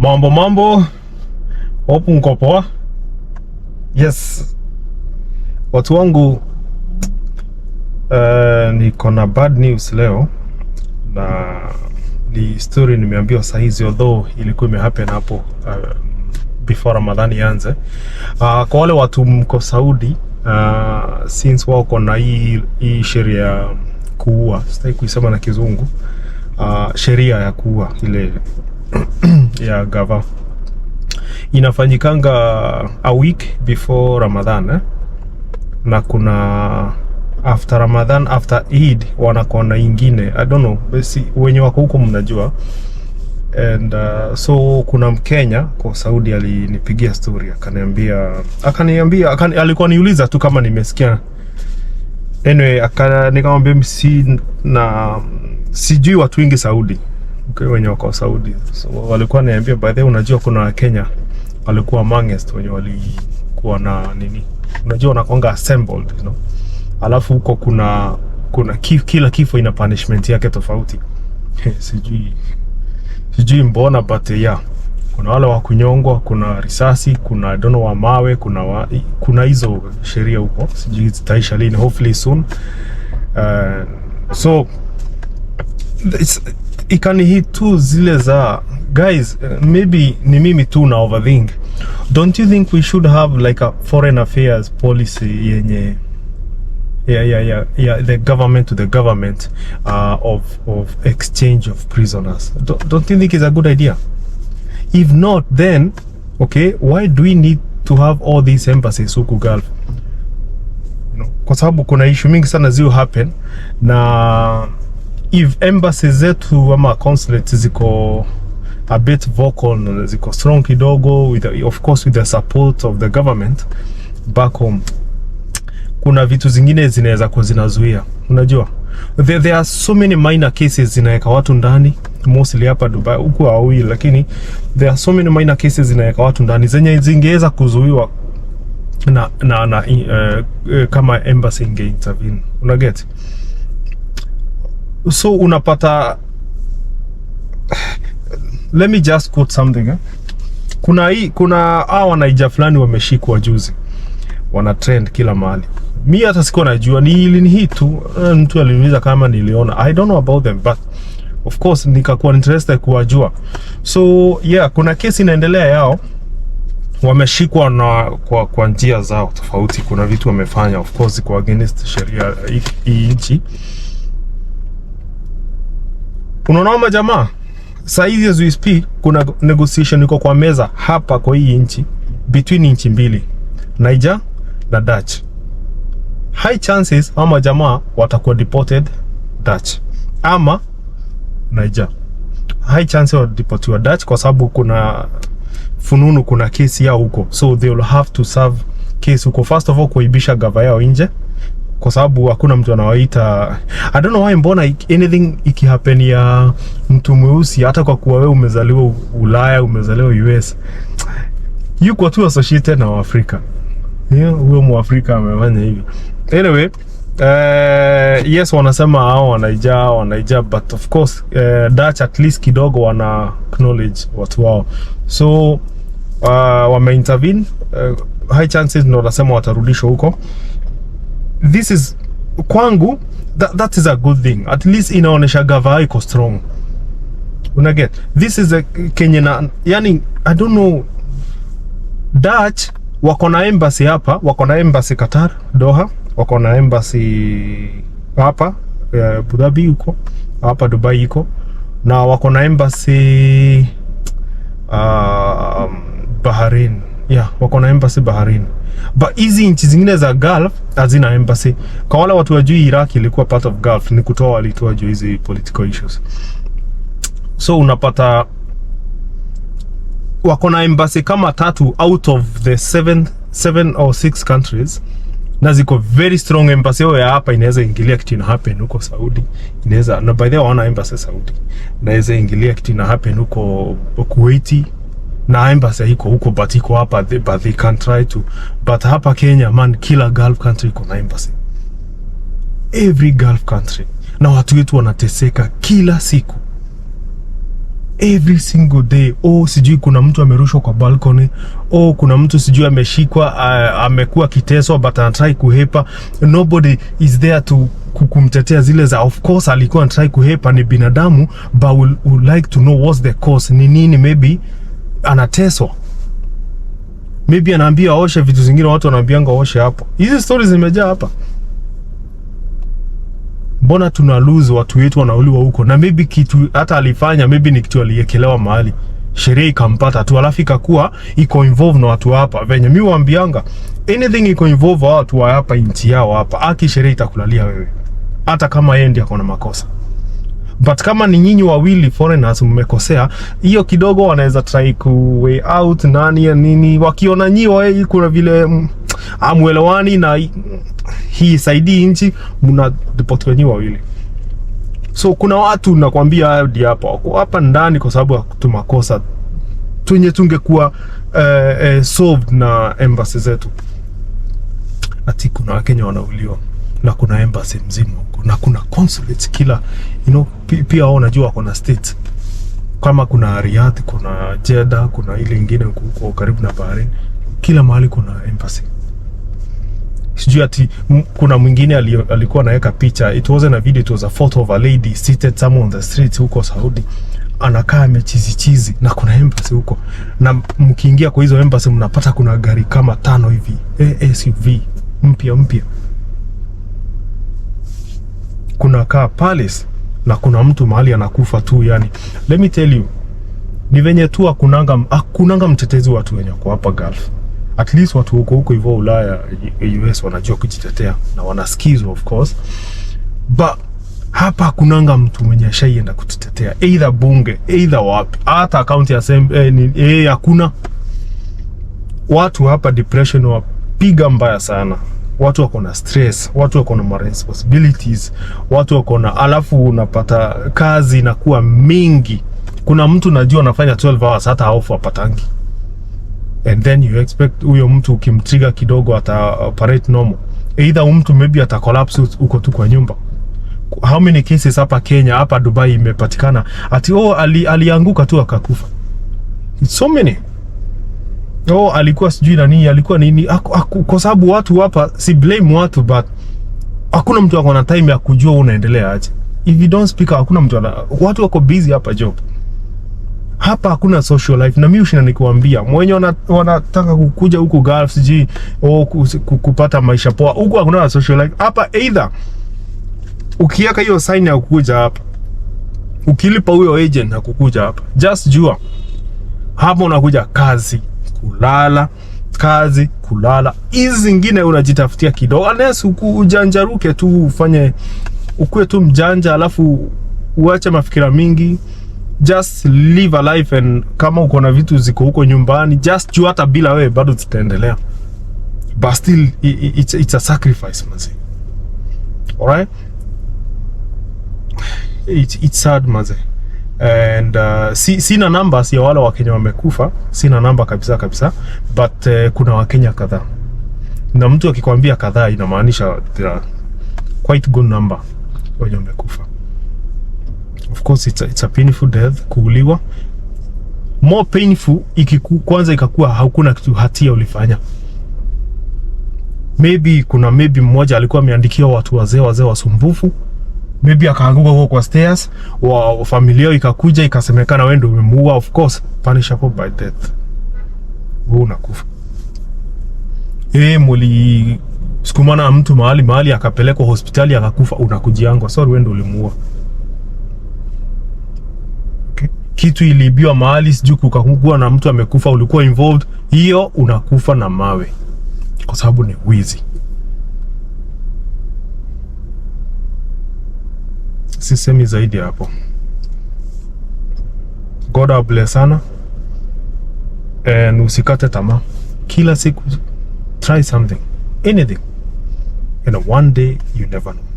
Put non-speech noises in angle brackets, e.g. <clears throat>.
Mambo mambo, hopu mko poa. Yes watu wangu, uh, niko na bad news leo, na ni story nimeambiwa saa hizi, although ilikuwa imehappen hapo uh, before Ramadhani ianze. Uh, kwa wale watu mko Saudi uh, since wako na hii hii sheria ya kuua, sitaki kuisema na kizungu uh, sheria ya kuua ile <clears throat> ya gava inafanyikanga a week before Ramadhan eh? na kuna after Ramadhan after Eid wanakona ingine I don't know si, wenye wako huko mnajua and uh, so kuna Mkenya kwa Saudi alinipigia story akaniambia akaniambia akani, alikuwa niuliza tu kama nimesikia anyway, nikamwambia msi na sijui watu wengi Saudi okay, wenye wako Saudi so, walikuwa niambia by the way, unajua kuna Wakenya walikuwa amongst wenye walikuwa na nini, unajua wanakonga assembled you know? Alafu huko kuna kuna kif, kila kifo ina punishment yake tofauti <laughs> sijui sijui mbona but yeah kuna wale wa kunyongwa, kuna risasi, kuna dono wa mawe, kuna wa, kuna hizo sheria huko, sijui zitaisha lini, hopefully soon. Uh, so ikanihit tu zile za guys, maybe ni mimi tu na overthink. Don't you think we should have like a foreign affairs policy yenye yeah, yeah, yeah, yeah, the government to the government uh, of, of exchange of prisoners. Don't, don't you think it's a good idea? If not, then, okay, why do we need to have all these embassies huku Gulf? You know, kwa sababu kuna issue mingi sana zio happen na if embassy zetu ama consulate ziko a bit vocal, ziko strong kidogo with, the, of course with the support of the government back home, kuna vitu zingine zinaweza kuwa zinazuia. Unajua, there, there are so many minor cases zinaweka watu ndani mostly hapa Dubai, huku hawi, lakini there are so many minor cases zinaweka watu ndani zenye zingeweza kuzuiwa na, na, na uh, kama embassy inge intervene, una unaget so unapata let me just quote something eh? Kuna hii kuna hawa wanaija fulani wameshikwa juzi, wana trend kila mahali. Mi hata sikuwa najua ni ilini hii tu, eh, mtu aliniuliza kama niliona. I don't know about them but of course nikakuwa interested kuwajua. So yeah, kuna kesi inaendelea yao, wameshikwa na kwa, kwa njia zao tofauti. Kuna vitu wamefanya of course kwa against sheria hii nchi unaonoma jamaa. Saa hizi as we speak, kuna negotiation iko kwa meza hapa kwa hii nchi between nchi mbili Niger na Dutch. High chances ama jamaa watakuwa deported Dutch ama Niger. High chances wa deportiwa Dutch kwa sababu kuna fununu, kuna kesi yao huko, so they will have to serve kesi huko, first of all kuibisha gava yao nje kwa sababu hakuna mtu anawaita. I don't know why, mbona anything ikihappen ya mtu mweusi, hata kwa kuwa wewe umezaliwa Ulaya, umezaliwa US, you kwa tu associated na Waafrika. Yeah, huyo Mwafrika amefanya hivi. Anyway, uh, yes wanasema hao wanaija wanaija, but of course uh, Dutch at least kidogo wana acknowledge watu wao, so uh, wame intervene uh, high chances ndio nasema watarudishwa huko this is kwangu that, that is a good thing at least inaonesha gava iko strong una get this is a Kenya na yani I don't know Dutch wako na embassy hapa wako na embassy Qatar Doha wako na embassy hapa eh, Abu Dhabi huko hapa Dubai iko na wako na embassy uh, Bahrain Yeah, wako na embassy baharini. But hizi nchi zingine za Gulf hazina embassy. Kwa wale watu wajui Iraq ilikuwa part of Gulf, ni kutoa walitoa juu hizi political issues. So unapata wako na embassy kama tatu out of the seven, seven or six countries na ziko very strong embassy yao ya hapa inaweza ingilia kitu ina happen huko Saudi. Inaweza na by the way wana embassy Saudi. Inaweza ingilia kitu ina happen huko Kuwait na embassy haiko huko but iko hapa, but they can try to but hapa Kenya man, kila Gulf country iko na embassy, every Gulf country, na watu wetu wanateseka kila siku every single day. Oh, sijui kuna mtu amerushwa kwa balcony. Oh, kuna mtu sijui ameshikwa, uh, amekuwa kiteswa but anatrai kuhepa. Nobody is there to kumtetea zile za, of course alikuwa anatrai kuhepa, ni binadamu, but would like to know what's the cause, ni nini maybe anateswa, maybe anaambia aoshe vitu zingine, watu wanaambianga aoshe hapo. Hizi stori zimejaa hapa. Mbona tuna lose watu wetu wanauliwa huko? Na maybe kitu hata alifanya maybe ni kitu aliyekelewa mahali sheria ikampata tu, alafu ikakuwa iko involve na watu hapa. Venye mi waambianga anything iko involve watu wa hapa nchi yao hapa, aki sheria itakulalia wewe, hata kama yeye ndiye akona makosa but kama ni nyinyi wawili foreigners mmekosea, hiyo kidogo wanaweza try ku way out nani ya nini, wakiona nyinyi nyiwe kuna vile amuelewani na hii saidi nchi, mna deport wenyewe wawili. So kuna watu nakwambia hadi hapa wako hapa ndani kwa sababu ya tumakosa tunye tungekuwa eh, eh, solved na embassy zetu, ati kuna Wakenya wanauliwa na kuna embassy mzima na kuna consulate kila you know, pia wao najua wako na state kama kuna Riyadh, kuna Jeddah, kuna ile ingine huko karibu na bahari, kila mahali kuna embassy. Sijui ati kuna mwingine alikuwa anaweka picha, it wasn't a video, it was a photo of a lady seated somewhere on the street huko Saudi, anakaa amechizi chizi na kuna embassy huko, na mkiingia kwa hizo embassy mnapata kuna gari kama tano hivi SUV mpya mpya kuna kaa palace na kuna mtu mahali anakufa tu yani. Let me tell you, ni venye tu akunanga akunanga mtetezi watu wenye kwa hapa Gulf. At least watu huko huko hivyo Ulaya, US wanajua kujitetea na wanasikizwa of course. But hapa kunanga mtu mwenye ashaienda kututetea either bunge either wapi, hata assembly ya eh, eh, hakuna. Watu hapa depression wapiga mbaya sana watu wako na stress, watu wako na responsibilities, watu wako na alafu, unapata kazi inakuwa mingi. Kuna mtu najua anafanya 12 hours hata haofu apatangi, and then you expect huyo mtu ukimtriga kidogo ata operate normal, either mtu maybe ata collapse uko tu kwa nyumba. How many cases hapa Kenya, hapa Dubai imepatikana ati oh, ali, alianguka tu akakufa. It's so many oh, alikuwa sijui nani, alikuwa nini, kwa sababu watu hapa, si blame watu, but hakuna mtu ako na time ya kujua unaendelea aje. If you don't speak, hakuna mtu ana, watu wako busy hapa job hapa hakuna social life, na mimi ushina nikuambia mwenye wanataka kukuja huku Gulf sijui au oh, kupata maisha poa huku, hakuna social life hapa either. Ukiweka hiyo sign ya kukuja hapa, ukilipa huyo agent na kukuja hapa, just jua hapa unakuja kazi kulala kazi kulala. Hizi zingine unajitafutia kidogo, unless ujanjaruke tu ufanye ukuwe tu mjanja, alafu uache mafikira mingi. Just live a life and kama uko na vitu ziko huko nyumbani, just jua hata bila wewe bado zitaendelea but still it's, it's a sacrifice manzi, alright, it's, it's sad manzi and uh, si, sina numbers ya wale Wakenya wamekufa, sina namba kabisa kabisa, but uh, kuna Wakenya kadhaa, na mtu akikwambia kadhaa inamaanisha quite good number wenye wamekufa. Of course it's a, it's a painful death, kuuliwa more painful ikiku, kwanza ikakuwa hakuna kitu hatia ulifanya. Maybe kuna maybe mmoja alikuwa ameandikia watu wazee wazee wasumbufu maybe akaanguka huko kwa stairs, wa familia ikakuja ikasemekana wewe ndio umemuua, of course punishable by death, wewe unakufa. Yeye eh, muli sukumana mtu mahali mahali, akapelekwa hospitali akakufa, unakujiangwa, sorry, wewe ndio ulimuua. Kitu iliibiwa mahali, sijui kukakuwa na mtu amekufa, ulikuwa involved, hiyo unakufa na mawe, kwa sababu ni wizi. sisemi zaidi hapo. God bless sana and usikate tamaa, kila siku try something anything, and one day you never know.